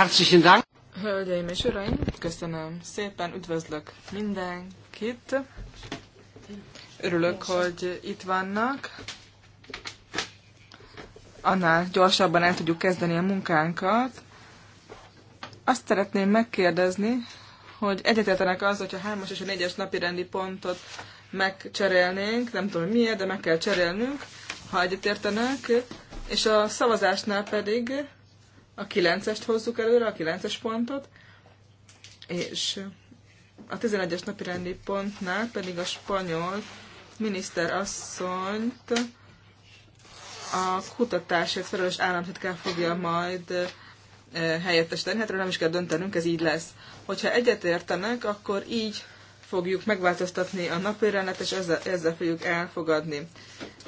Herzlichen Dank. Hölgyeim és uraim, köszönöm szépen, üdvözlök mindenkit. Örülök, hogy itt vannak. Annál gyorsabban el tudjuk kezdeni a munkánkat. Azt szeretném megkérdezni, hogy egyetértenek az, hogyha a és a négyes napi rendi pontot megcserélnénk, nem tudom miért, de meg kell cserélnünk, ha egyetértenek, és a szavazásnál pedig a 9-est hozzuk előre, a 9-es pontot, és a 11-es napi rendi pontnál pedig a spanyol miniszter asszonyt a kutatásért felelős államtitkár fogja majd e, helyettesíteni. Hát nem is kell döntenünk, ez így lesz. Hogyha egyetértenek, akkor így fogjuk megváltoztatni a napirendet és ezzel, ezzel fogjuk elfogadni.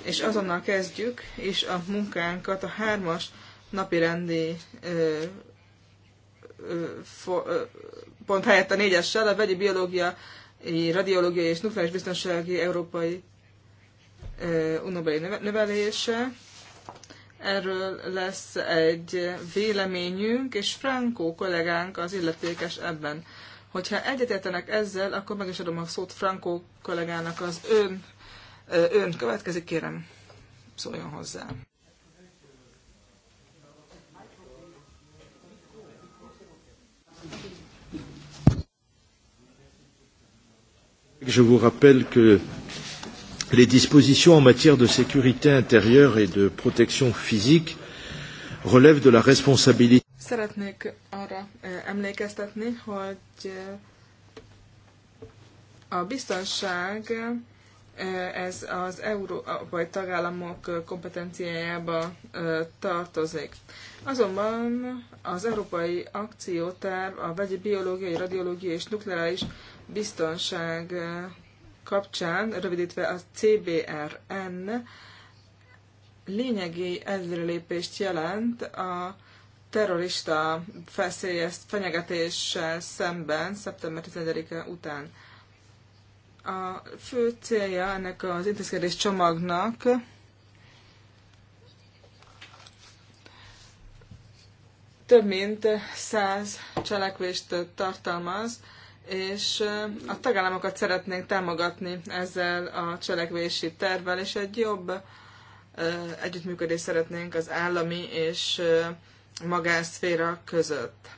És azonnal kezdjük, és a munkánkat a hármas napirendi pont helyett a négyessel, a vegyi biológia, radiológiai és nukleáris biztonsági európai unobeli növelése. Erről lesz egy véleményünk, és Franco kollégánk az illetékes ebben. Hogyha egyetértenek ezzel, akkor meg is adom a szót Franco kollégának az ön, ön következik, kérem szóljon hozzá. Je vous rappelle que les dispositions en matière de sécurité intérieure et de protection physique relèvent de la responsabilité. Szeretnék arra eh, emlékeztetni, hogy eh, a biztonság eh, ez az európai tagállamok kompetenciájába tartozik. Azonban az európai akcióterv a vegyi biológiai, radiológiai és nukleáris biztonság kapcsán, rövidítve a CBRN, lényegi előrelépést jelent a terrorista feszélyes fenyegetéssel szemben szeptember 11-e után. A fő célja ennek az intézkedés csomagnak több mint száz cselekvést tartalmaz, és a tagállamokat szeretnénk támogatni ezzel a cselekvési tervvel, és egy jobb együttműködést szeretnénk az állami és magánszféra között.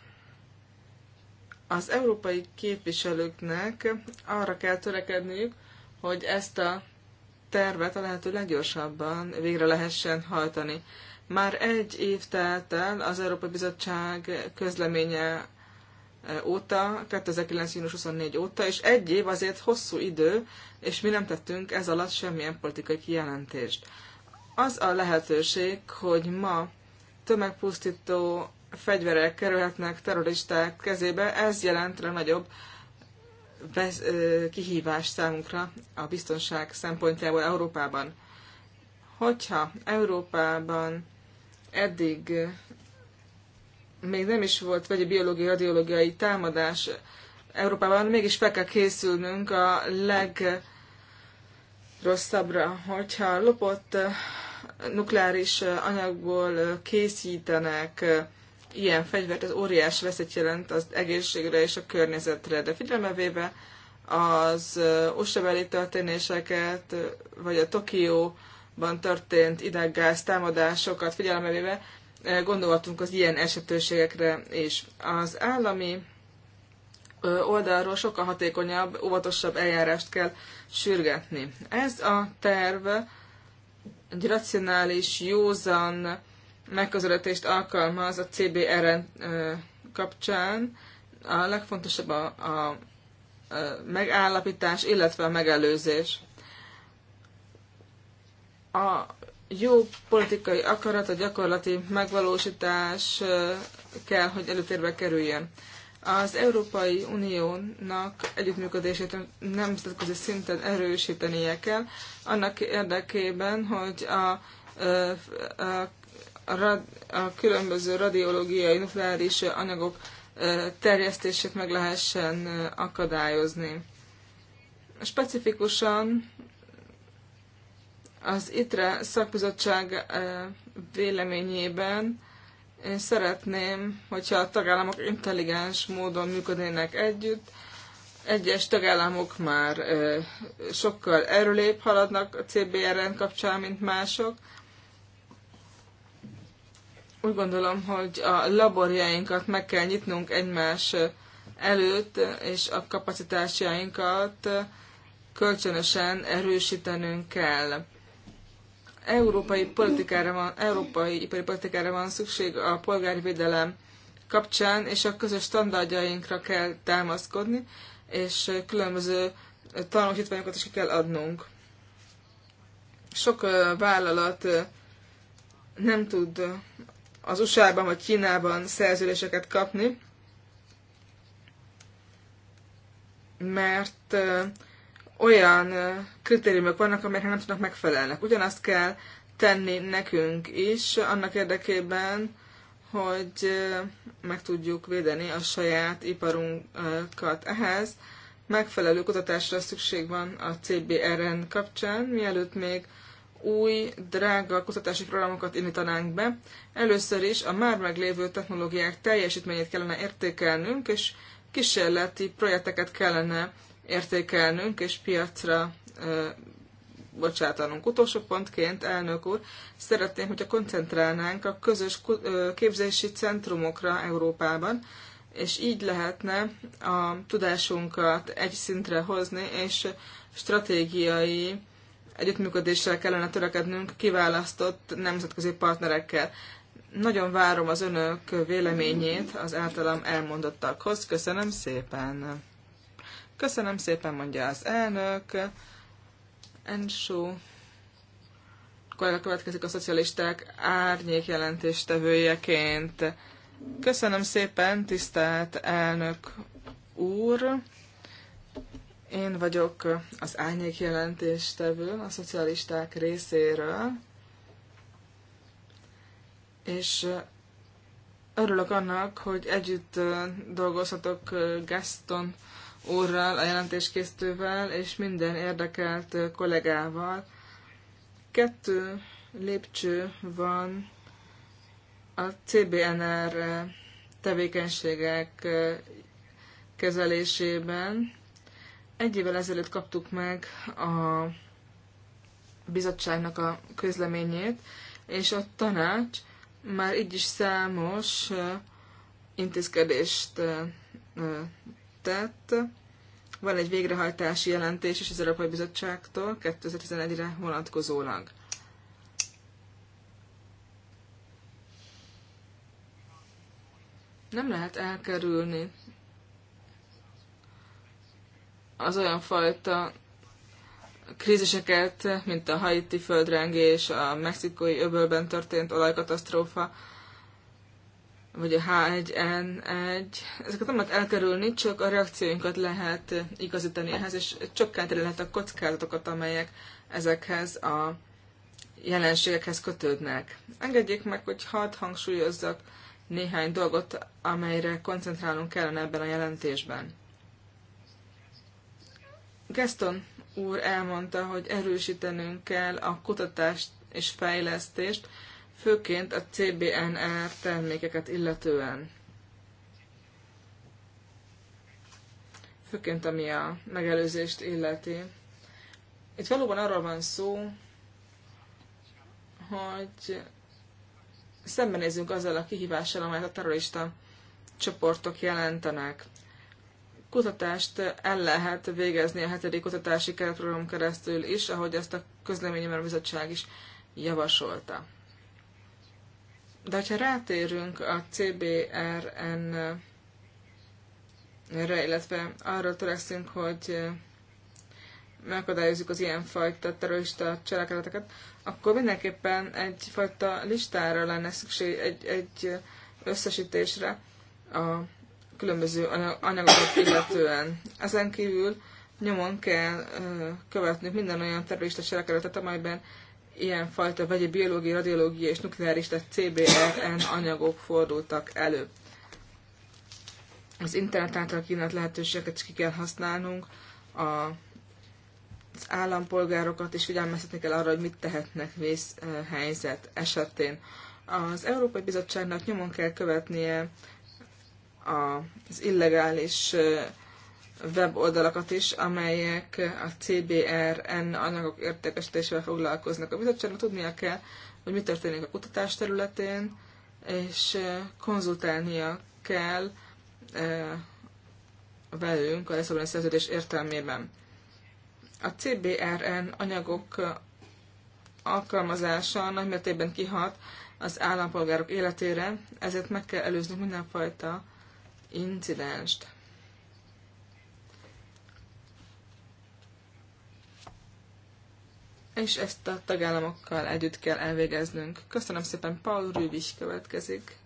Az európai képviselőknek arra kell törekedniük, hogy ezt a tervet a lehető leggyorsabban végre lehessen hajtani. Már egy év telt el az Európai Bizottság közleménye óta, 2009. június 24 óta, és egy év azért hosszú idő, és mi nem tettünk ez alatt semmilyen politikai kijelentést. Az a lehetőség, hogy ma tömegpusztító fegyverek kerülhetnek terroristák kezébe, ez jelent a nagyobb kihívás számunkra a biztonság szempontjából Európában. Hogyha Európában eddig még nem is volt vegyi biológiai, radiológiai támadás Európában, mégis fel kell készülnünk a legrosszabbra. Hogyha lopott eh, nukleáris eh, anyagból eh, készítenek ilyen fegyvert, az óriási veszélyt jelent az egészségre és a környezetre. De figyelembe az usa történéseket, vagy a Tokióban történt ideggáz támadásokat figyelembe gondoltunk az ilyen esetőségekre és Az állami oldalról sokkal hatékonyabb, óvatosabb eljárást kell sürgetni. Ez a terv egy racionális, józan megközelítést alkalmaz a CBR kapcsán. A legfontosabb a, a megállapítás, illetve a megelőzés. A jó politikai akarat, a gyakorlati megvalósítás kell, hogy előtérbe kerüljön. Az Európai Uniónak együttműködését nemzetközi szinten erősítenie kell, annak érdekében, hogy a, a, a, a különböző radiológiai nukleáris anyagok terjesztését meg lehessen akadályozni. Specifikusan az ITRE szakbizottság véleményében én szeretném, hogyha a tagállamok intelligens módon működnének együtt. Egyes tagállamok már sokkal erőlébb haladnak a CBRN kapcsán, mint mások. Úgy gondolom, hogy a laborjainkat meg kell nyitnunk egymás előtt, és a kapacitásjainkat kölcsönösen erősítenünk kell európai politikára van, európai ipari politikára van szükség a polgári védelem kapcsán, és a közös standardjainkra kell támaszkodni, és különböző tanulmányokat is kell adnunk. Sok vállalat nem tud az USA-ban vagy Kínában szerződéseket kapni, mert olyan kritériumok vannak, amelyek nem tudnak megfelelnek. Ugyanazt kell tenni nekünk is, annak érdekében, hogy meg tudjuk védeni a saját iparunkat. Ehhez megfelelő kutatásra szükség van a CBRN kapcsán, mielőtt még új, drága kutatási programokat indítanánk be. Először is a már meglévő technológiák teljesítményét kellene értékelnünk, és kísérleti projekteket kellene értékelnünk és piacra bocsátanunk. Utolsó pontként, elnök úr, szeretném, hogyha koncentrálnánk a közös képzési centrumokra Európában, és így lehetne a tudásunkat egy szintre hozni, és stratégiai együttműködésre kellene törekednünk kiválasztott nemzetközi partnerekkel. Nagyon várom az önök véleményét az általam elmondottakhoz. Köszönöm szépen! Köszönöm szépen, mondja az elnök. Ensú kollega következik a szocialisták árnyék jelentéstevőjeként. Köszönöm szépen, tisztelt elnök úr! Én vagyok az árnyék jelentéstevő a szocialisták részéről, és örülök annak, hogy együtt dolgozhatok Gaston úrral, a jelentéskészítővel és minden érdekelt kollégával. Kettő lépcső van a CBNR tevékenységek kezelésében. Egy évvel ezelőtt kaptuk meg a bizottságnak a közleményét, és a tanács már így is számos intézkedést született. Van egy végrehajtási jelentés is az Európai Bizottságtól 2011-re vonatkozólag. Nem lehet elkerülni az olyan fajta kríziseket, mint a haiti földrengés, a mexikói öbölben történt olajkatasztrófa, vagy a H1N1, ezeket nem lehet elkerülni, csak a reakcióinkat lehet igazítani ehhez, és csökkenteni lehet a kockázatokat, amelyek ezekhez a jelenségekhez kötődnek. Engedjék meg, hogy hadd hangsúlyozzak néhány dolgot, amelyre koncentrálnunk kellene ebben a jelentésben. Gaston úr elmondta, hogy erősítenünk kell a kutatást és fejlesztést, főként a CBNR termékeket illetően. Főként ami a megelőzést illeti. Itt valóban arról van szó, hogy szembenézünk azzal a kihívással, amelyet a terrorista csoportok jelentenek. Kutatást el lehet végezni a hetedik kutatási keretprogram keresztül is, ahogy ezt a közleményemben bizottság is javasolta. De ha rátérünk a CBRN-re, illetve arról törekszünk, hogy megakadályozzuk az ilyenfajta terrorista cselekedeteket, akkor mindenképpen egyfajta listára lenne szükség, egy, egy összesítésre a különböző anyagokat illetően. Ezen kívül nyomon kell követnünk minden olyan terrorista cselekedetet, amelyben ilyenfajta vegyi biológiai, radiológiai és nukleáris, tehát CBRN anyagok fordultak elő. Az internet által kínált lehetőségeket is ki kell használnunk, a, az állampolgárokat is figyelmeztetni kell arra, hogy mit tehetnek vészhelyzet esetén. Az Európai Bizottságnak nyomon kell követnie az illegális weboldalakat is, amelyek a CBRN anyagok értékesítésével foglalkoznak. A bizottságnak tudnia kell, hogy mi történik a kutatás területén, és eh, konzultálnia kell eh, velünk a leszabadulási szerződés értelmében. A CBRN anyagok eh, alkalmazása nagymértékben kihat az állampolgárok életére, ezért meg kell előznünk mindenfajta incidenst. és ezt a tagállamokkal együtt kell elvégeznünk. Köszönöm szépen, Paul Rüvis következik.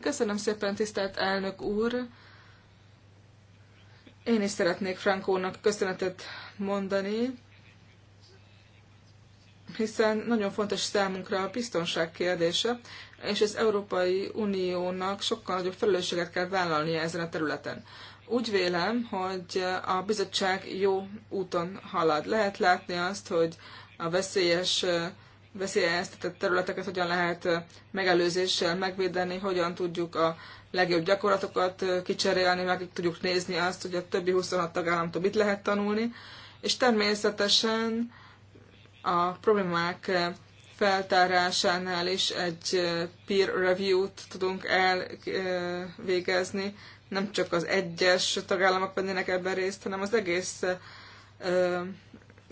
Köszönöm szépen, tisztelt elnök úr! Én is szeretnék Frankónak köszönetet mondani, hiszen nagyon fontos számunkra a biztonság kérdése, és az Európai Uniónak sokkal nagyobb felelősséget kell vállalnia ezen a területen. Úgy vélem, hogy a bizottság jó úton halad. Lehet látni azt, hogy a veszélyes veszélyeztetett területeket hogyan lehet megelőzéssel megvédeni, hogyan tudjuk a legjobb gyakorlatokat kicserélni, meg tudjuk nézni azt, hogy a többi 26 tagállamtól mit lehet tanulni, és természetesen a problémák feltárásánál is egy peer review-t tudunk elvégezni, nem csak az egyes tagállamok vennének ebben részt, hanem az egész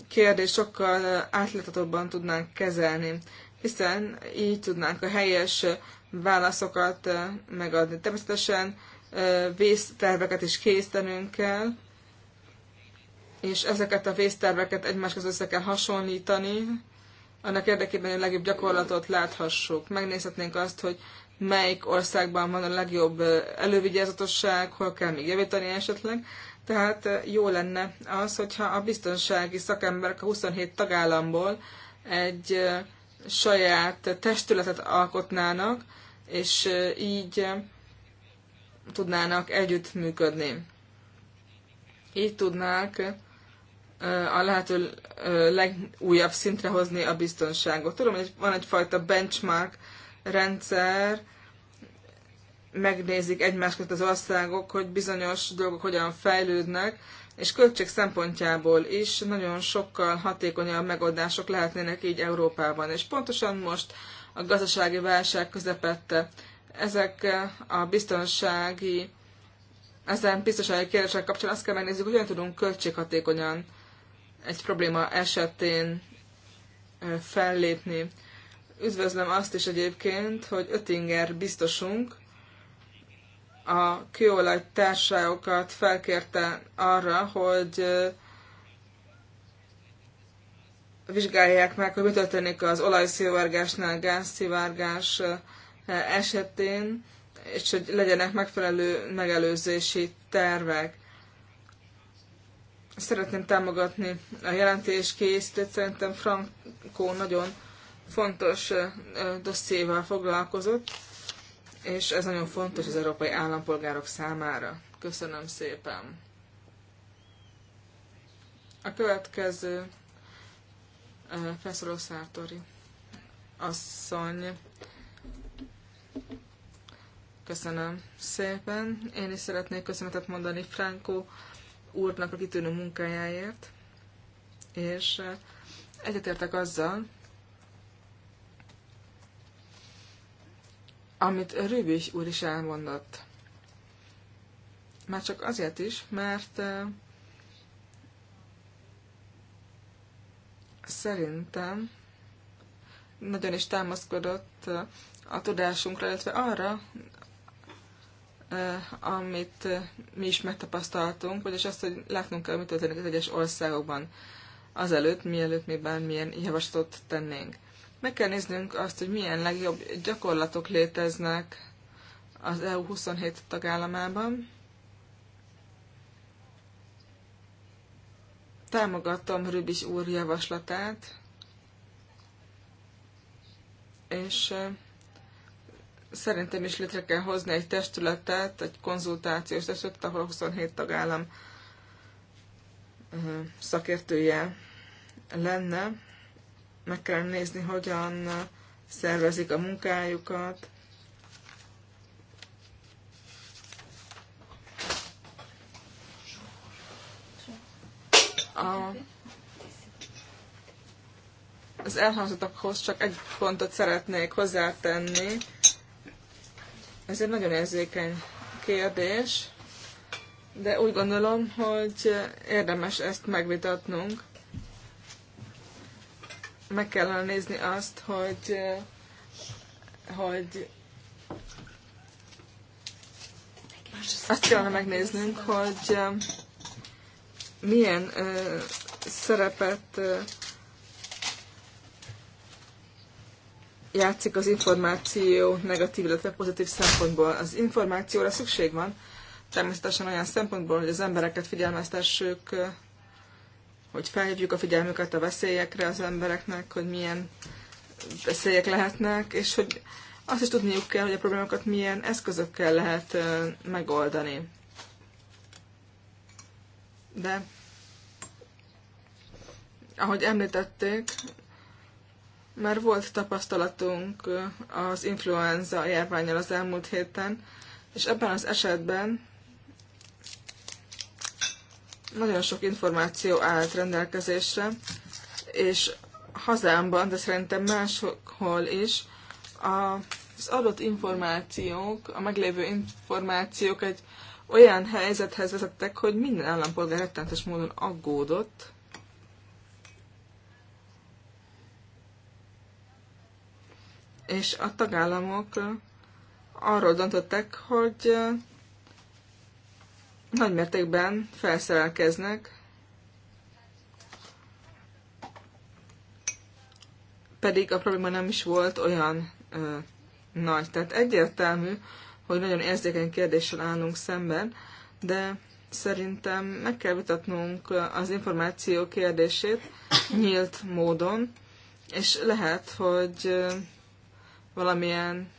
kérdés sokkal átláthatóbban tudnánk kezelni, hiszen így tudnánk a helyes válaszokat megadni. Természetesen vészterveket is készítenünk kell, és ezeket a vészterveket egymáshoz össze kell hasonlítani, annak érdekében, hogy a legjobb gyakorlatot láthassuk. Megnézhetnénk azt, hogy melyik országban van a legjobb elővigyázatosság, hol kell még javítani esetleg. Tehát jó lenne az, hogyha a biztonsági szakemberek a 27 tagállamból egy saját testületet alkotnának, és így tudnának együttműködni. Így tudnák a lehető legújabb szintre hozni a biztonságot. Tudom, hogy van egyfajta benchmark rendszer, megnézik egymás között az országok, hogy bizonyos dolgok hogyan fejlődnek, és költség szempontjából is nagyon sokkal hatékonyabb megoldások lehetnének így Európában. És pontosan most a gazdasági válság közepette ezek eh, a biztonsági, ezen biztonsági kérdések kapcsán azt kell megnézzük, hogyan tudunk költséghatékonyan egy probléma esetén eh, fellépni. Üdvözlöm azt is egyébként, hogy Ötinger biztosunk a kőolaj társaságokat felkérte arra, hogy vizsgálják meg, hogy mi történik az olajszivárgásnál, gázszivárgás esetén, és hogy legyenek megfelelő megelőzési tervek. Szeretném támogatni a jelentés készítőt, szerintem Frankó nagyon fontos dossziéval foglalkozott, és ez nagyon fontos az európai állampolgárok számára. Köszönöm szépen! A következő Feszoló Szártori asszony. Köszönöm szépen. Én is szeretnék köszönetet mondani Franco úrnak a kitűnő munkájáért, és egyetértek azzal, amit Rübich úr is elmondott. Már csak azért is, mert eh, szerintem nagyon is támaszkodott eh, a tudásunkra, illetve arra, eh, amit mi is megtapasztaltunk, vagyis azt, hogy látnunk kell, mi történik az egyes országokban azelőtt, mielőtt mi bármilyen javaslatot tennénk. Meg kell néznünk azt, hogy milyen legjobb gyakorlatok léteznek az EU 27 tagállamában. Támogatom Rübis úr javaslatát, és szerintem is létre kell hozni egy testületet, egy konzultációs testületet, ahol 27 tagállam szakértője lenne, meg kell nézni, hogyan szervezik a munkájukat. A, az elhangzottakhoz csak egy pontot szeretnék hozzátenni. Ez egy nagyon érzékeny kérdés, de úgy gondolom, hogy érdemes ezt megvitatnunk meg kellene nézni azt, hogy, eh, hogy azt kellene megnéznünk, hogy eh, milyen ö, eh, szerepet ö, játszik az információ negatív, illetve pozitív szempontból. Az információra szükség van, természetesen olyan szempontból, hogy az embereket figyelmeztessük hogy felhívjuk a figyelmüket a veszélyekre az embereknek, hogy milyen veszélyek lehetnek, és hogy azt is tudniuk kell, hogy a problémákat milyen eszközökkel lehet megoldani. De ahogy említették, már volt tapasztalatunk az influenza járványal az elmúlt héten, és ebben az esetben nagyon sok információ állt rendelkezésre, és hazámban, de szerintem máshol is, az adott információk, a meglévő információk egy olyan helyzethez vezettek, hogy minden állampolgár rettenetes módon aggódott, és a tagállamok arról döntöttek, hogy nagy mértékben felszerelkeznek, pedig a probléma nem is volt olyan ö, nagy. Tehát egyértelmű, hogy nagyon érzékeny kérdéssel állunk szemben, de szerintem meg kell vitatnunk az információ kérdését nyílt módon, és lehet, hogy valamilyen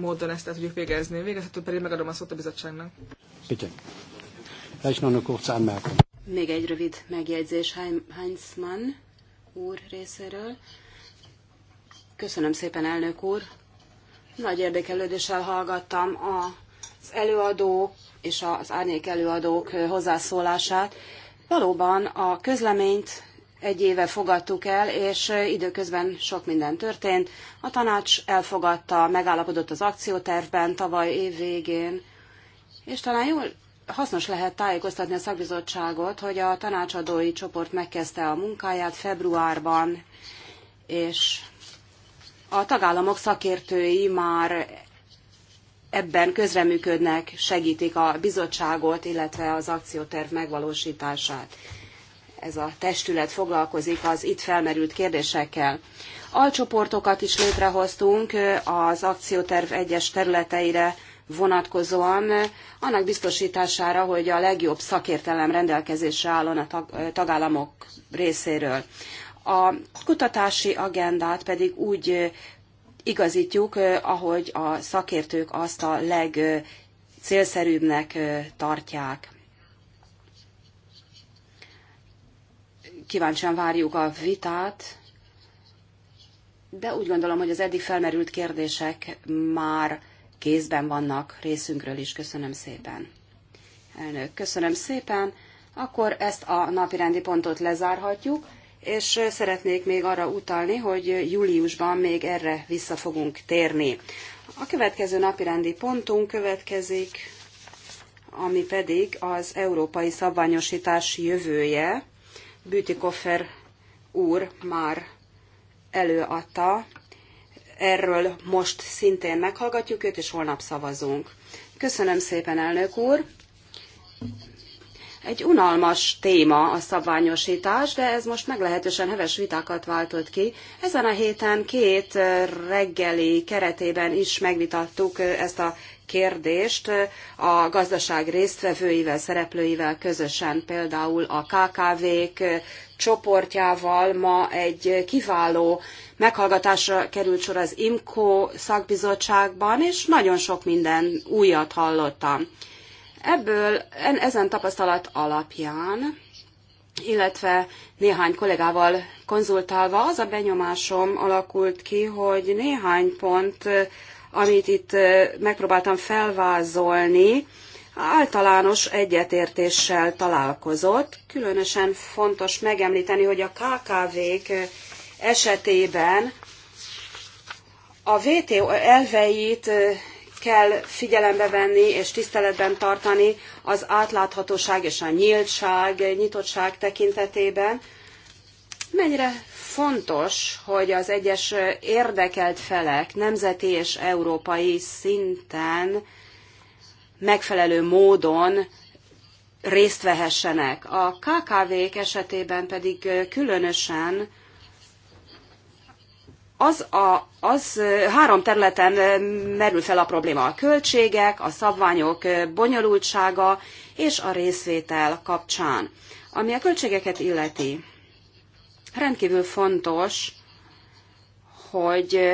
módon ezt el tudjuk végezni. Végezhető pedig megadom a szót a bizottságnak. Igen. Vielleicht noch eine kurze Anmerkung. Még egy rövid megjegyzés Heinzmann úr részéről. Köszönöm szépen, elnök úr. Nagy érdekelődéssel hallgattam az előadók és az árnyék előadók hozzászólását. Valóban a közleményt egy éve fogadtuk el, és időközben sok minden történt. A tanács elfogadta, megállapodott az akciótervben tavaly év végén, és talán jól hasznos lehet tájékoztatni a szakbizottságot, hogy a tanácsadói csoport megkezdte a munkáját februárban, és a tagállamok szakértői már ebben közreműködnek, segítik a bizottságot, illetve az akcióterv megvalósítását. Ez a testület foglalkozik az itt felmerült kérdésekkel. Alcsoportokat is létrehoztunk az akcióterv egyes területeire vonatkozóan annak biztosítására, hogy a legjobb szakértelem rendelkezésre álljon a tagállamok részéről. A kutatási agendát pedig úgy igazítjuk, ahogy a szakértők azt a legcélszerűbbnek tartják. Kíváncsian várjuk a vitát, de úgy gondolom, hogy az eddig felmerült kérdések már kézben vannak részünkről is. Köszönöm szépen. Elnök, köszönöm szépen. Akkor ezt a napirendi pontot lezárhatjuk, és szeretnék még arra utalni, hogy júliusban még erre vissza fogunk térni. A következő napirendi pontunk következik, ami pedig az európai szabványosítás jövője. Bütikoffer úr már előadta Erről most szintén meghallgatjuk őt, és holnap szavazunk. Köszönöm szépen, elnök úr! Egy unalmas téma a szabványosítás, de ez most meglehetősen heves vitákat váltott ki. Ezen a héten két reggeli keretében is megvitattuk ezt a kérdést a gazdaság résztvevőivel, szereplőivel közösen, például a KKV-k csoportjával ma egy kiváló meghallgatásra került sor az IMCO szakbizottságban, és nagyon sok minden újat hallottam. Ebből, en, ezen tapasztalat alapján, illetve néhány kollégával konzultálva az a benyomásom alakult ki, hogy néhány pont, amit itt megpróbáltam felvázolni, általános egyetértéssel találkozott. Különösen fontos megemlíteni, hogy a KKV-k esetében a VTO elveit kell figyelembe venni és tiszteletben tartani az átláthatóság és a nyíltság, nyitottság tekintetében. Mennyire fontos, hogy az egyes érdekelt felek nemzeti és európai szinten megfelelő módon részt vehessenek. A KKV-k esetében pedig különösen az, a, az három területen merül fel a probléma. A költségek, a szabványok bonyolultsága és a részvétel kapcsán. Ami a költségeket illeti, rendkívül fontos, hogy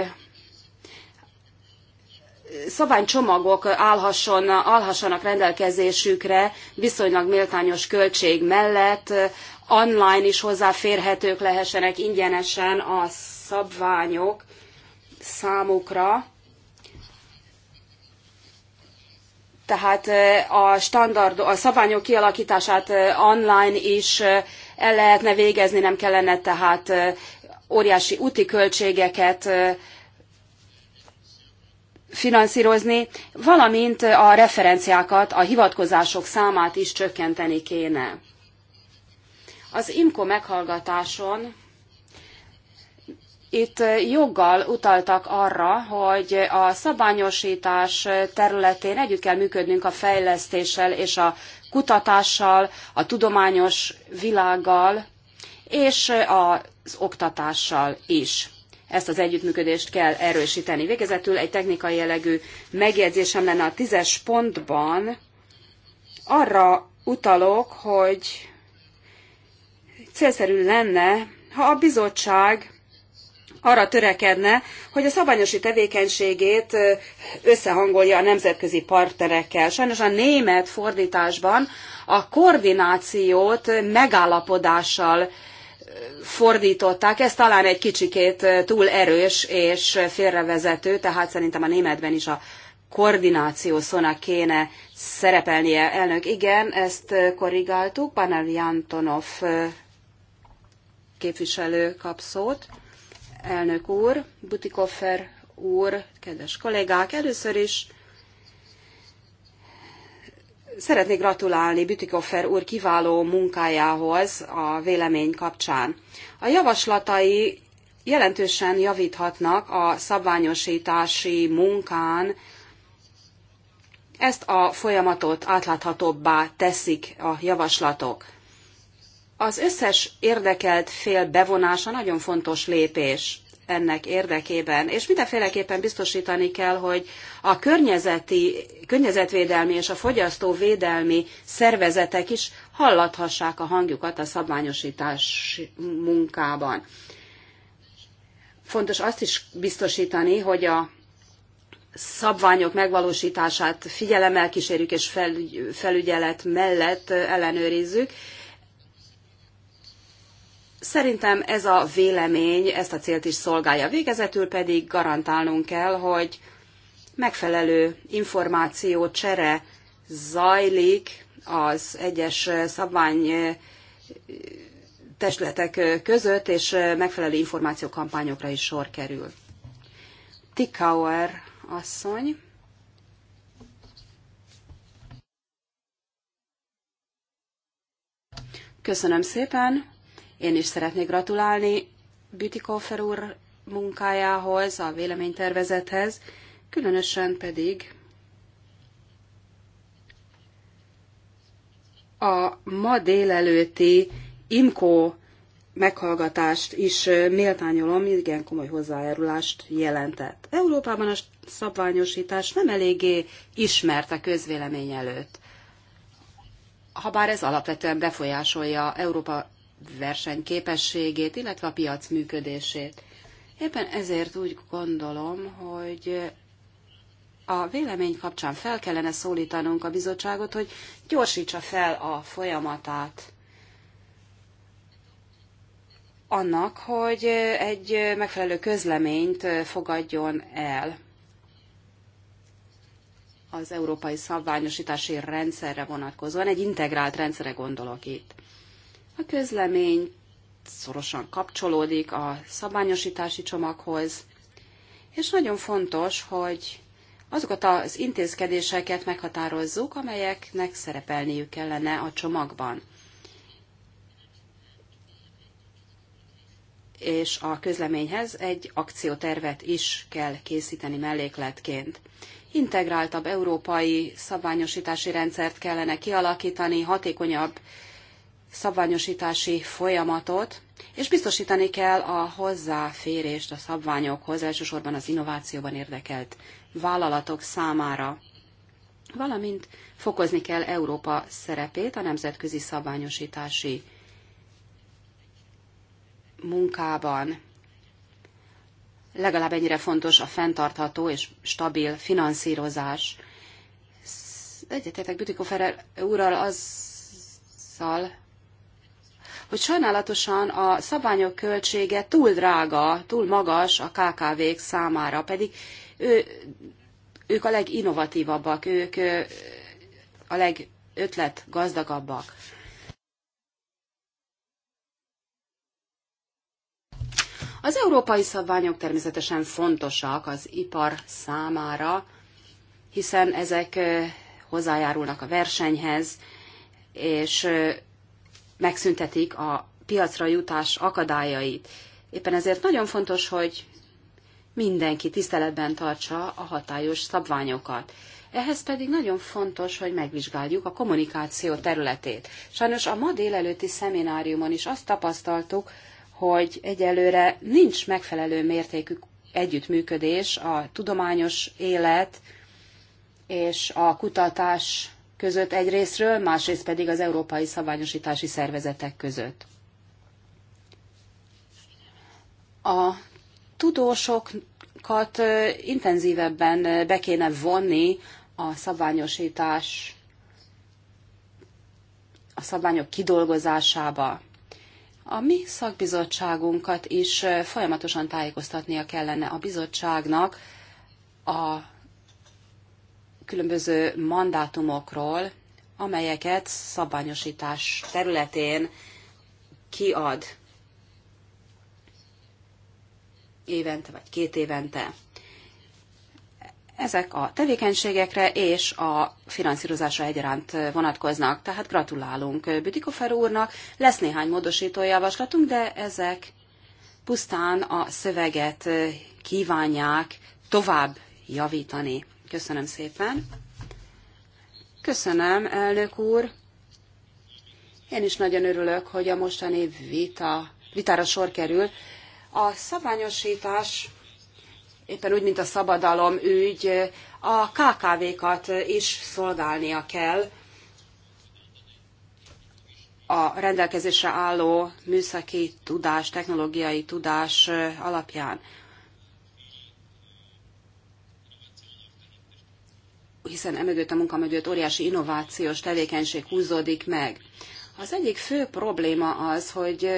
szabványcsomagok állhasson, állhassanak rendelkezésükre viszonylag méltányos költség mellett, online is hozzáférhetők lehessenek ingyenesen az szabványok számukra. Tehát a, standard, a szabványok kialakítását online is el lehetne végezni, nem kellene tehát óriási úti költségeket finanszírozni, valamint a referenciákat, a hivatkozások számát is csökkenteni kéne. Az IMCO meghallgatáson itt joggal utaltak arra, hogy a szabványosítás területén együtt kell működnünk a fejlesztéssel és a kutatással, a tudományos világgal és az oktatással is. Ezt az együttműködést kell erősíteni. Végezetül egy technikai jellegű megjegyzésem lenne a tízes pontban. Arra utalok, hogy célszerű lenne, ha a bizottság arra törekedne, hogy a szabályosi tevékenységét összehangolja a nemzetközi partnerekkel. Sajnos a német fordításban a koordinációt megállapodással fordították. Ez talán egy kicsikét túl erős és félrevezető, tehát szerintem a németben is a koordináció szónak kéne szerepelnie. Elnök, igen, ezt korrigáltuk. Panel Jantonov képviselő kap szót elnök úr, Butikoffer úr, kedves kollégák, először is szeretnék gratulálni butikoffer úr kiváló munkájához a vélemény kapcsán. A javaslatai jelentősen javíthatnak a szabványosítási munkán, ezt a folyamatot átláthatóbbá teszik a javaslatok. Az összes érdekelt fél bevonása nagyon fontos lépés ennek érdekében, és mindenféleképpen biztosítani kell, hogy a környezeti, környezetvédelmi és a fogyasztóvédelmi szervezetek is hallathassák a hangjukat a szabványosítás munkában. Fontos azt is biztosítani, hogy a szabványok megvalósítását figyelemmel kísérjük és felügyelet mellett ellenőrizzük, Szerintem ez a vélemény ezt a célt is szolgálja. Végezetül pedig garantálnunk kell, hogy megfelelő információ csere zajlik az egyes szabvány testületek között, és megfelelő információkampányokra is sor kerül. Tikauer asszony. Köszönöm szépen. Én is szeretnék gratulálni Bütikofer úr munkájához, a véleménytervezethez, különösen pedig a ma délelőtti IMCO meghallgatást is méltányolom, igen komoly hozzájárulást jelentett. Európában a szabványosítás nem eléggé ismert a közvélemény előtt. Habár ez alapvetően befolyásolja Európa versenyképességét, illetve a piac működését. Éppen ezért úgy gondolom, hogy a vélemény kapcsán fel kellene szólítanunk a bizottságot, hogy gyorsítsa fel a folyamatát annak, hogy egy megfelelő közleményt fogadjon el az európai szabványosítási rendszerre vonatkozóan, egy integrált rendszerre gondolok itt. A közlemény szorosan kapcsolódik a szabványosítási csomaghoz, és nagyon fontos, hogy azokat az intézkedéseket meghatározzuk, amelyeknek szerepelniük kellene a csomagban. És a közleményhez egy akciótervet is kell készíteni mellékletként. Integráltabb európai szabványosítási rendszert kellene kialakítani, hatékonyabb szabványosítási folyamatot, és biztosítani kell a hozzáférést a szabványokhoz, elsősorban az innovációban érdekelt vállalatok számára, valamint fokozni kell Európa szerepét a nemzetközi szabványosítási munkában. Legalább ennyire fontos a fenntartható és stabil finanszírozás. Egyetetek Bütikofer úrral azzal, hogy sajnálatosan a szabványok költsége túl drága, túl magas a KKV-k számára, pedig ő, ők a leginnovatívabbak, ők a legötletgazdagabbak. Az európai szabványok természetesen fontosak az ipar számára, hiszen ezek hozzájárulnak a versenyhez, és megszüntetik a piacra jutás akadályait. Éppen ezért nagyon fontos, hogy mindenki tiszteletben tartsa a hatályos szabványokat. Ehhez pedig nagyon fontos, hogy megvizsgáljuk a kommunikáció területét. Sajnos a ma délelőtti szemináriumon is azt tapasztaltuk, hogy egyelőre nincs megfelelő mértékű együttműködés a tudományos élet és a kutatás között egyrésztről, másrészt pedig az európai szabványosítási szervezetek között. A tudósokat intenzívebben be kéne vonni a szabványosítás, a szabványok kidolgozásába. A mi szakbizottságunkat is folyamatosan tájékoztatnia kellene a bizottságnak a különböző mandátumokról, amelyeket szabványosítás területén kiad évente vagy két évente. Ezek a tevékenységekre és a finanszírozásra egyaránt vonatkoznak, tehát gratulálunk Bütikofer úrnak. Lesz néhány módosító javaslatunk, de ezek pusztán a szöveget kívánják tovább javítani. Köszönöm szépen. Köszönöm, elnök úr. Én is nagyon örülök, hogy a mostani vita, vitára sor kerül. A szabványosítás, éppen úgy, mint a szabadalom ügy, a KKV-kat is szolgálnia kell a rendelkezésre álló műszaki tudás, technológiai tudás alapján. hiszen emögött a munka mögött óriási innovációs tevékenység húzódik meg. Az egyik fő probléma az, hogy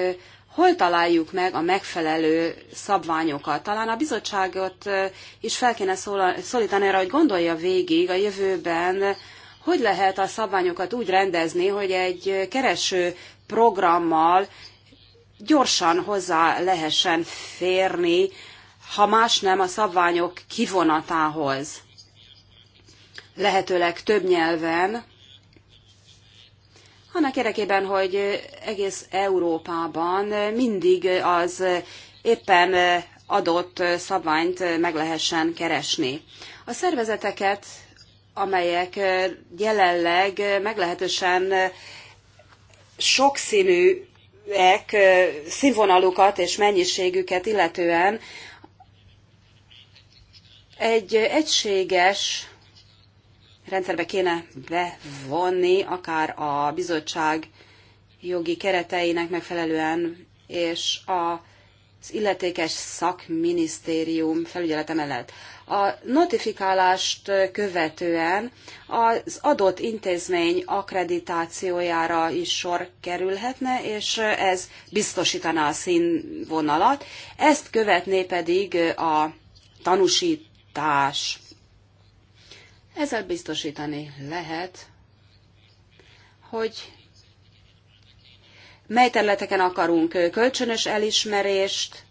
hol találjuk meg a megfelelő szabványokat. Talán a bizottságot is fel kéne szólítani arra, hogy gondolja végig a jövőben, hogy lehet a szabványokat úgy rendezni, hogy egy kereső programmal gyorsan hozzá lehessen férni, ha más nem a szabványok kivonatához lehetőleg több nyelven, annak érdekében, hogy egész Európában mindig az éppen adott szabványt meg lehessen keresni. A szervezeteket, amelyek jelenleg meglehetősen sokszínűek, színvonalukat és mennyiségüket illetően, egy egységes rendszerbe kéne bevonni, akár a bizottság jogi kereteinek megfelelően, és a az illetékes szakminisztérium felügyelete mellett. A notifikálást követően az adott intézmény akkreditációjára is sor kerülhetne, és ez biztosítaná a színvonalat. Ezt követné pedig a tanúsítás. Ezzel biztosítani lehet, hogy mely területeken akarunk kölcsönös elismerést,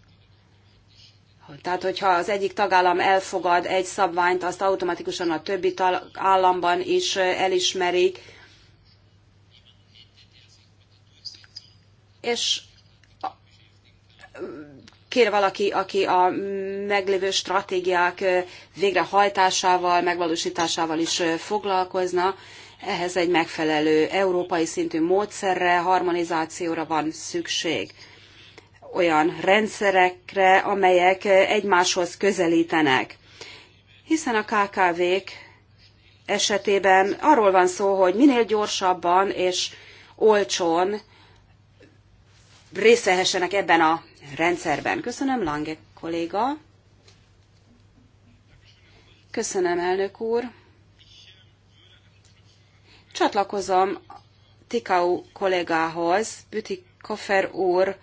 tehát, hogyha az egyik tagállam elfogad egy szabványt, azt automatikusan a többi államban is elismerik. És kér valaki, aki a meglévő stratégiák végrehajtásával, megvalósításával is foglalkozna, ehhez egy megfelelő európai szintű módszerre, harmonizációra van szükség. Olyan rendszerekre, amelyek egymáshoz közelítenek. Hiszen a KKV-k esetében arról van szó, hogy minél gyorsabban és olcsón részt vehessenek ebben a rendszerben. Köszönöm, Lange kolléga. Köszönöm, elnök úr. Csatlakozom Tikau kollégához, Büti Koffer úr,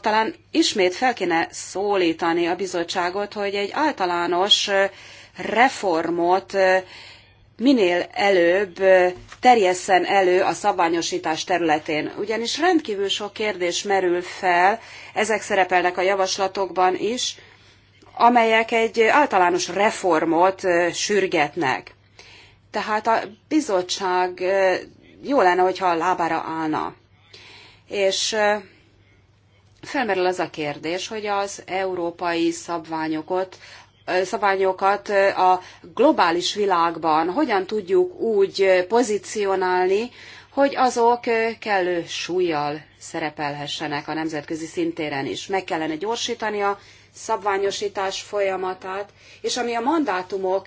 talán ismét fel kéne szólítani a bizottságot, hogy egy általános reformot minél előbb terjesszen elő a szabványosítás területén. Ugyanis rendkívül sok kérdés merül fel, ezek szerepelnek a javaslatokban is, amelyek egy általános reformot sürgetnek. Tehát a bizottság jó lenne, hogyha a lábára állna. És felmerül az a kérdés, hogy az európai szabványokat szabályokat a globális világban hogyan tudjuk úgy pozícionálni, hogy azok kellő súlyjal szerepelhessenek a nemzetközi szintéren is. Meg kellene gyorsítani a szabványosítás folyamatát, és ami a mandátumok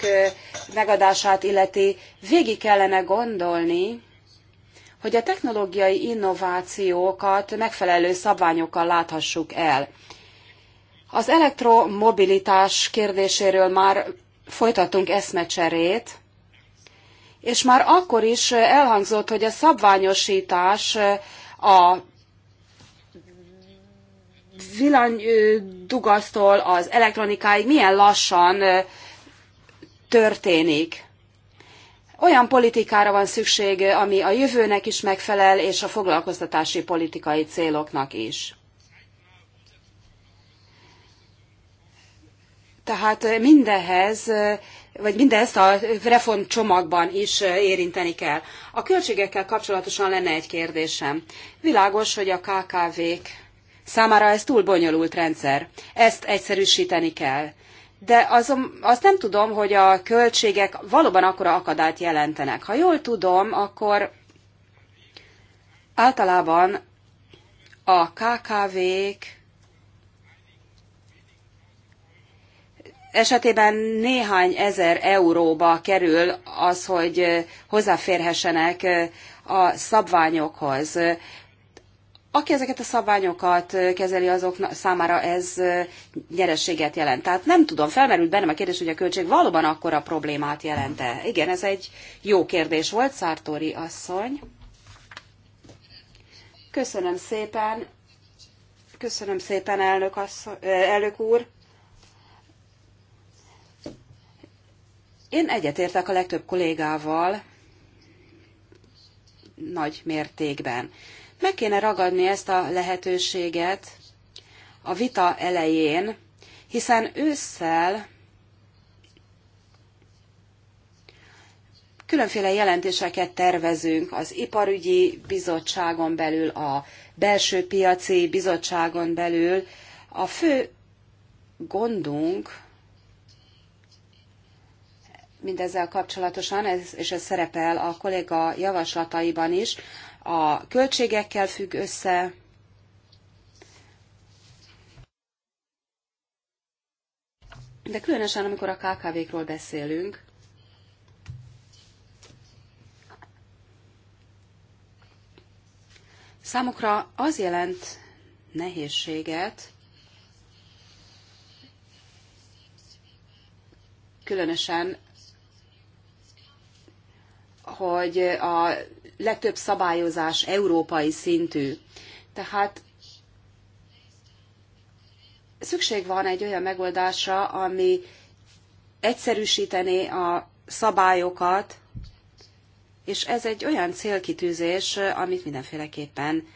megadását illeti, végig kellene gondolni, hogy a technológiai innovációkat megfelelő szabványokkal láthassuk el. Az elektromobilitás kérdéséről már folytattunk eszmecserét, és már akkor is elhangzott, hogy a szabványosítás a villanydugasztól az elektronikáig milyen lassan történik. Olyan politikára van szükség, ami a jövőnek is megfelel, és a foglalkoztatási politikai céloknak is. Tehát eh, mindenhez, eh, vagy mindezt a reformcsomagban is eh, érinteni kell. A költségekkel kapcsolatosan lenne egy kérdésem. Világos, hogy a KKV-k számára ez túl bonyolult rendszer. Ezt egyszerűsíteni kell. De az, azt nem tudom, hogy a költségek valóban akkora akadályt jelentenek. Ha jól tudom, akkor általában a KKV-k esetében néhány ezer euróba kerül az, hogy hozzáférhessenek a szabványokhoz. Aki ezeket a szabványokat kezeli, azok számára ez nyerességet jelent. Tehát nem tudom, felmerült bennem a kérdés, hogy a költség valóban akkora problémát jelente. Igen, ez egy jó kérdés volt, Szártóri asszony. Köszönöm szépen. Köszönöm szépen, elnök, asszony, elnök úr. Én egyetértek a legtöbb kollégával nagy mértékben. Meg kéne ragadni ezt a lehetőséget a vita elején, hiszen ősszel különféle jelentéseket tervezünk az iparügyi bizottságon belül, a belső piaci bizottságon belül. A fő gondunk mindezzel kapcsolatosan, ez, és ez szerepel a kolléga javaslataiban is, a költségekkel függ össze, de különösen amikor a KKV-król beszélünk, számukra az jelent nehézséget, különösen hogy a legtöbb szabályozás európai szintű. Tehát szükség van egy olyan megoldásra, ami egyszerűsítené a szabályokat, és ez egy olyan célkitűzés, amit mindenféleképpen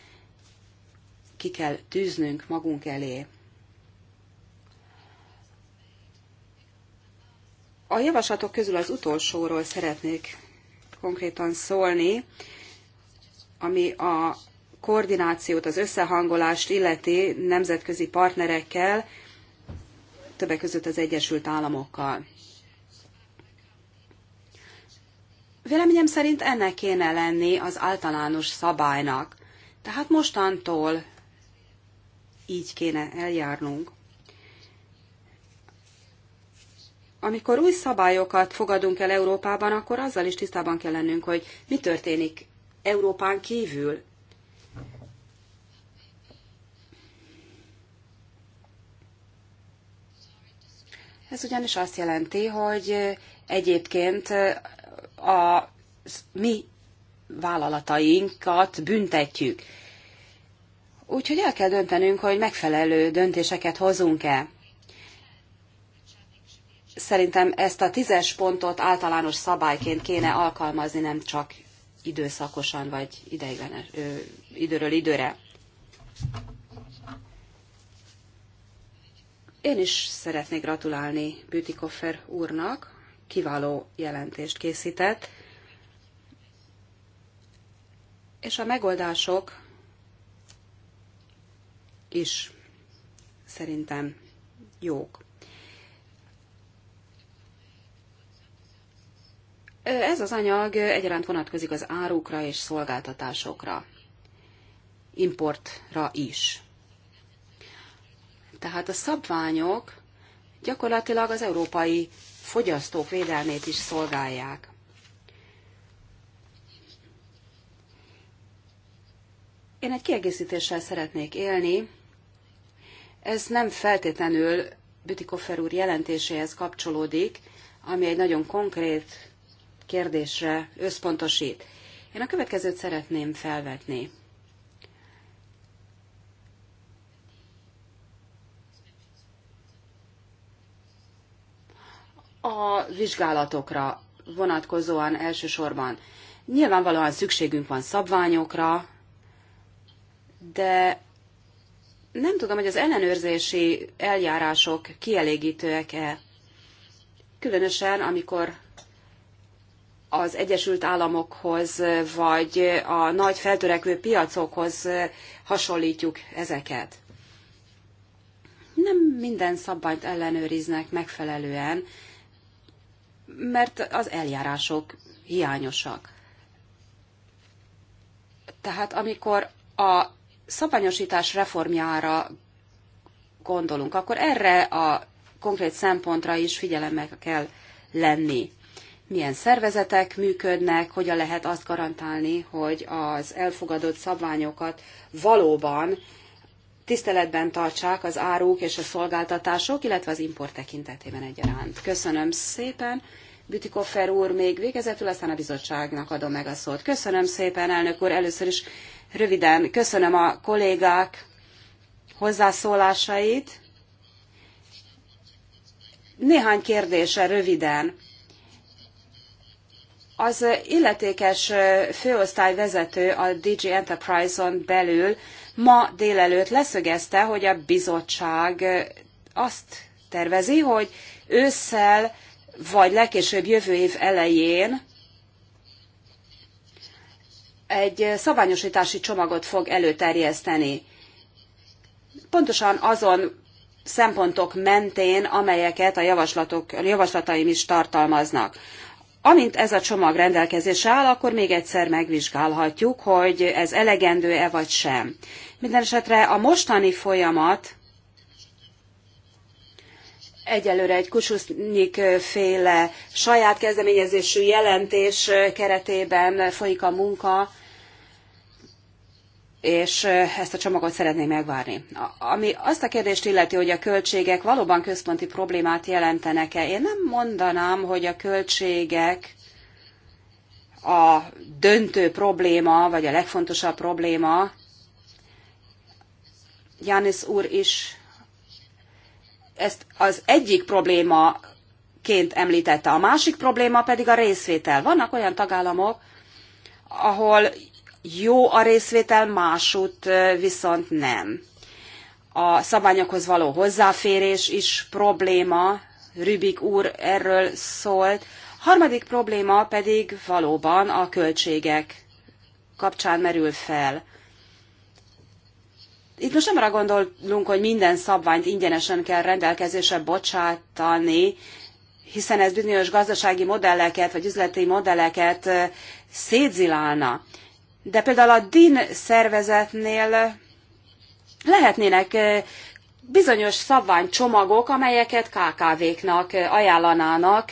ki kell tűznünk magunk elé. A javaslatok közül az utolsóról szeretnék konkrétan szólni, ami a koordinációt, az összehangolást illeti nemzetközi partnerekkel, többek között az Egyesült Államokkal. Véleményem szerint ennek kéne lenni az általános szabálynak. Tehát mostantól így kéne eljárnunk. amikor új szabályokat fogadunk el Európában, akkor azzal is tisztában kell lennünk, hogy mi történik Európán kívül. Ez ugyanis azt jelenti, hogy egyébként a mi vállalatainkat büntetjük. Úgyhogy el kell döntenünk, hogy megfelelő döntéseket hozunk-e szerintem ezt a tízes pontot általános szabályként kéne alkalmazni, nem csak időszakosan vagy ideiglenes, időről időre. Én is szeretnék gratulálni Bütikoffer úrnak, kiváló jelentést készített, és a megoldások is szerintem jók. Ez az anyag egyaránt vonatkozik az árukra és szolgáltatásokra, importra is. Tehát a szabványok gyakorlatilag az európai fogyasztók védelmét is szolgálják. Én egy kiegészítéssel szeretnék élni. Ez nem feltétlenül Bütikofer úr jelentéséhez kapcsolódik, ami egy nagyon konkrét kérdésre összpontosít. Én a következőt szeretném felvetni. A vizsgálatokra vonatkozóan elsősorban nyilvánvalóan szükségünk van szabványokra, de nem tudom, hogy az ellenőrzési eljárások kielégítőek-e. Különösen, amikor az Egyesült Államokhoz, vagy a nagy feltörekvő piacokhoz hasonlítjuk ezeket. Nem minden szabványt ellenőriznek megfelelően, mert az eljárások hiányosak. Tehát amikor a szabályosítás reformjára gondolunk, akkor erre a konkrét szempontra is figyelemmel kell lenni milyen szervezetek működnek, hogyan lehet azt garantálni, hogy az elfogadott szabványokat valóban tiszteletben tartsák az áruk és a szolgáltatások, illetve az import tekintetében egyaránt. Köszönöm szépen. Bütikoffer úr még végezetül, aztán a bizottságnak adom meg a szót. Köszönöm szépen, elnök úr. Először is röviden köszönöm a kollégák hozzászólásait. Néhány kérdése röviden. Az illetékes főosztályvezető a DG Enterprise-on belül ma délelőtt leszögezte, hogy a bizottság azt tervezi, hogy ősszel vagy legkésőbb jövő év elején egy szabványosítási csomagot fog előterjeszteni. Pontosan azon szempontok mentén, amelyeket a javaslatok, javaslataim is tartalmaznak. Amint ez a csomag rendelkezésre áll, akkor még egyszer megvizsgálhatjuk, hogy ez elegendő-e vagy sem. Mindenesetre a mostani folyamat egyelőre egy Kususznyik féle saját kezdeményezésű jelentés keretében folyik a munka, és ezt a csomagot szeretném megvárni. Ami azt a kérdést illeti, hogy a költségek valóban központi problémát jelentenek-e, én nem mondanám, hogy a költségek a döntő probléma, vagy a legfontosabb probléma. Jánisz úr is ezt az egyik problémaként említette, a másik probléma pedig a részvétel. Vannak olyan tagállamok, ahol jó a részvétel, másút viszont nem. A szabályokhoz való hozzáférés is probléma, Rübik úr erről szólt. Harmadik probléma pedig valóban a költségek kapcsán merül fel. Itt most nem arra gondolunk, hogy minden szabványt ingyenesen kell rendelkezésre bocsátani, hiszen ez bizonyos gazdasági modelleket vagy üzleti modelleket szétzilálna. De például a DIN szervezetnél lehetnének bizonyos szabványcsomagok, amelyeket KKV-knak ajánlanának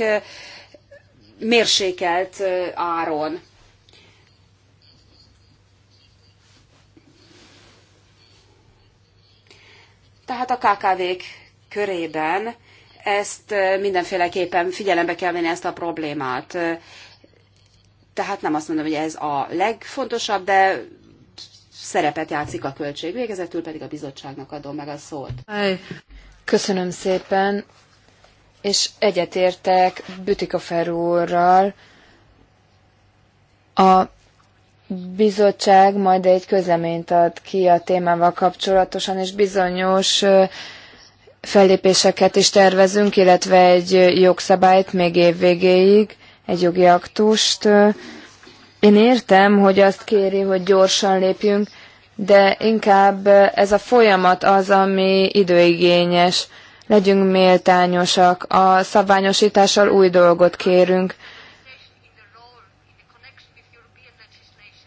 mérsékelt áron. Tehát a KKV-k körében ezt mindenféleképpen figyelembe kell venni ezt a problémát. Tehát nem azt mondom, hogy ez a legfontosabb, de szerepet játszik a költség. Végezetül pedig a bizottságnak adom meg a szót. Köszönöm szépen, és egyetértek Bütika Ferúrral. A bizottság majd egy közleményt ad ki a témával kapcsolatosan, és bizonyos fellépéseket is tervezünk, illetve egy jogszabályt még év végéig egy jogi aktust. Én értem, hogy azt kéri, hogy gyorsan lépjünk, de inkább ez a folyamat az, ami időigényes. Legyünk méltányosak, a szabványosítással új dolgot kérünk.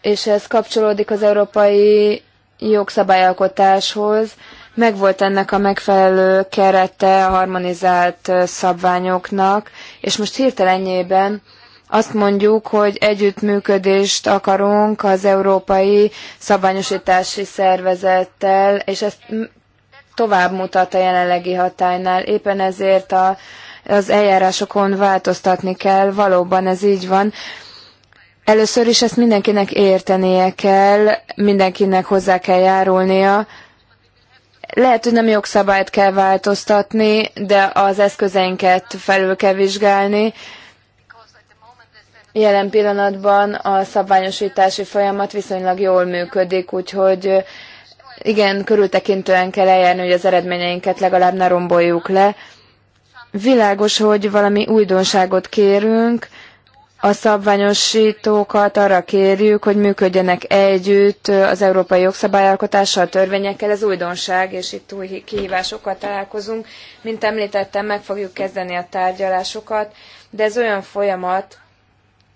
És ez kapcsolódik az európai jogszabályalkotáshoz, megvolt ennek a megfelelő kerete a harmonizált szabványoknak, és most hirtelenjében azt mondjuk, hogy együttműködést akarunk az Európai Szabványosítási Szervezettel, és ezt tovább mutat a jelenlegi hatálynál. Éppen ezért a, az eljárásokon változtatni kell, valóban ez így van. Először is ezt mindenkinek értenie kell, mindenkinek hozzá kell járulnia, lehet, hogy nem jogszabályt kell változtatni, de az eszközeinket felül kell vizsgálni. Jelen pillanatban a szabványosítási folyamat viszonylag jól működik, úgyhogy igen, körültekintően kell eljárni, hogy az eredményeinket legalább ne romboljuk le. Világos, hogy valami újdonságot kérünk, a szabványosítókat arra kérjük, hogy működjenek együtt az európai jogszabályalkotással, törvényekkel. Ez újdonság, és itt új kihívásokkal találkozunk. Mint említettem, meg fogjuk kezdeni a tárgyalásokat, de ez olyan folyamat,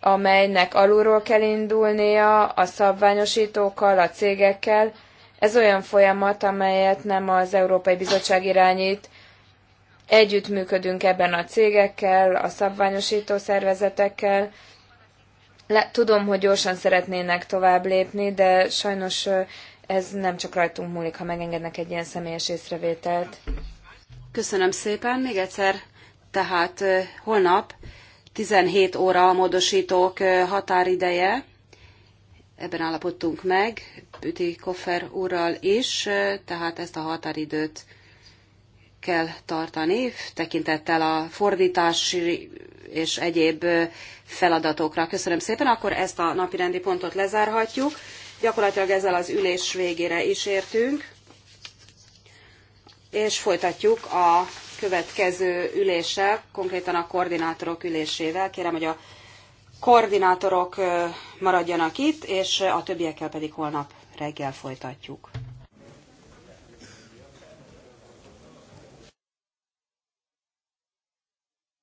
amelynek alulról kell indulnia a szabványosítókkal, a cégekkel. Ez olyan folyamat, amelyet nem az Európai Bizottság irányít, Együttműködünk ebben a cégekkel, a szabványosító szervezetekkel. Le Tudom, hogy gyorsan szeretnének tovább lépni, de sajnos ez nem csak rajtunk múlik, ha megengednek egy ilyen személyes észrevételt. Köszönöm szépen. Még egyszer, tehát holnap 17 óra a módosítók határideje. Ebben állapodtunk meg, Büti Koffer úrral is, tehát ezt a határidőt kell tartani, tekintettel a fordítási és egyéb feladatokra. Köszönöm szépen, akkor ezt a napirendi pontot lezárhatjuk. Gyakorlatilag ezzel az ülés végére is értünk, és folytatjuk a következő üléssel, konkrétan a koordinátorok ülésével. Kérem, hogy a koordinátorok maradjanak itt, és a többiekkel pedig holnap reggel folytatjuk.